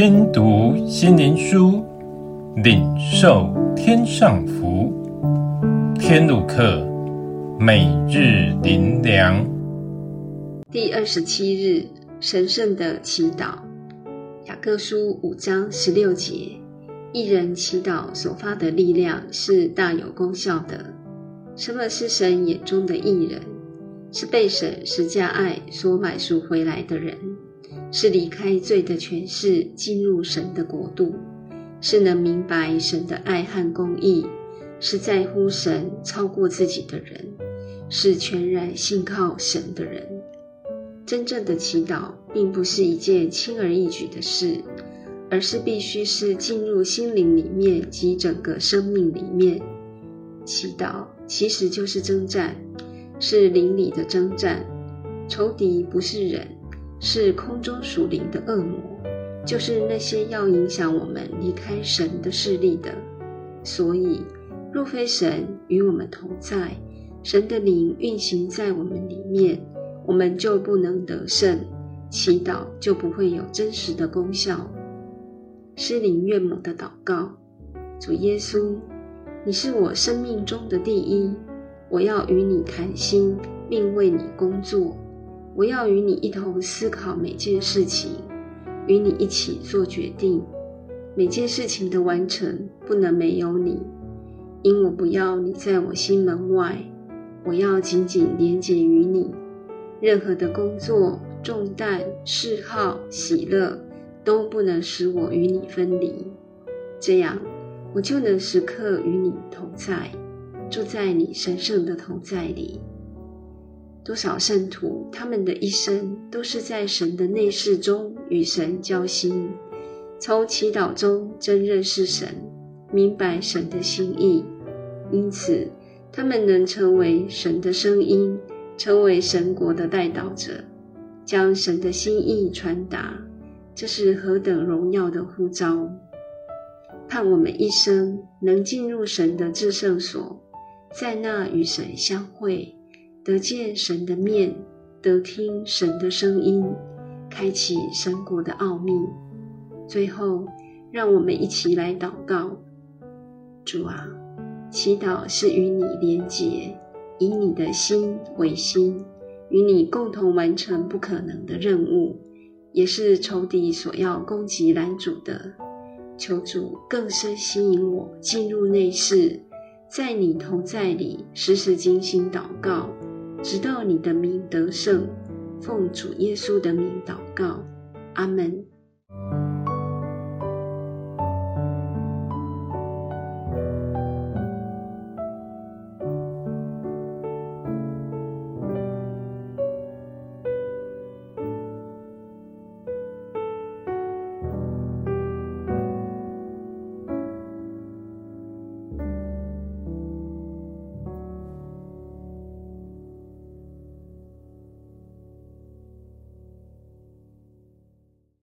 聽讀心靈書，領受天上福。天路客，每日靈糧。第二十七日，神聖的祈禱。雅各書五章十六節，義人祈禱所發的力量是大有功效的。什麼是神眼中的義人？是被神十架愛所買贖回來的人。是離開罪的權勢，進入神的國度；是能明白神的愛和公義；是在乎神超過自己的人；是全然信靠神的人。真正的祈禱，並不是一件輕而易舉的事，而是必須是進入心靈裡面及整個生命裡面。祈禱其實就是爭戰，是靈裡的爭戰。仇敵不是人。是空中屬靈的惡魔，就是那些要影響我們離開神的勢力的。所以，若非神與我們同在，神的靈運行在我們裡面，我們就不能得勝，祈禱就不會有真實的功效。施寧院母的禱告：主耶穌，你是我生命中的第一，我要與你談心，並為你工作。我要與你一同思考每件事情，與你一起做決定。每件事情的完成不能沒有你，因我不要你在我心門外。我要緊緊聯結於你。任何的工作、重擔、嗜好、喜樂都不能使我與你分離。這樣，我就能時刻與你同在，住在你神聖的同在裡。多少聖徒，他們的一生都是在神的內室中與神交心，從祈禱中真認識神，明白神的心意，因此他們能成為神的聲音，成為神國的代禱者，將神的心意傳達。這是何等榮耀的呼召！盼我們一生能進入神的至聖所，在那與神相會。得見神的面，得聽神的聲音，開啟神國的奧秘。最後，讓我們一起來禱告：主啊，祈禱是與你連結，以你的心為心，與你共同完成不可能的任務，也是仇敵所要攻擊攔阻的。求主更深吸引我進入內室，在你同在裡，時時儆醒禱告。直到你的名得勝，奉主耶穌的名禱告，阿門。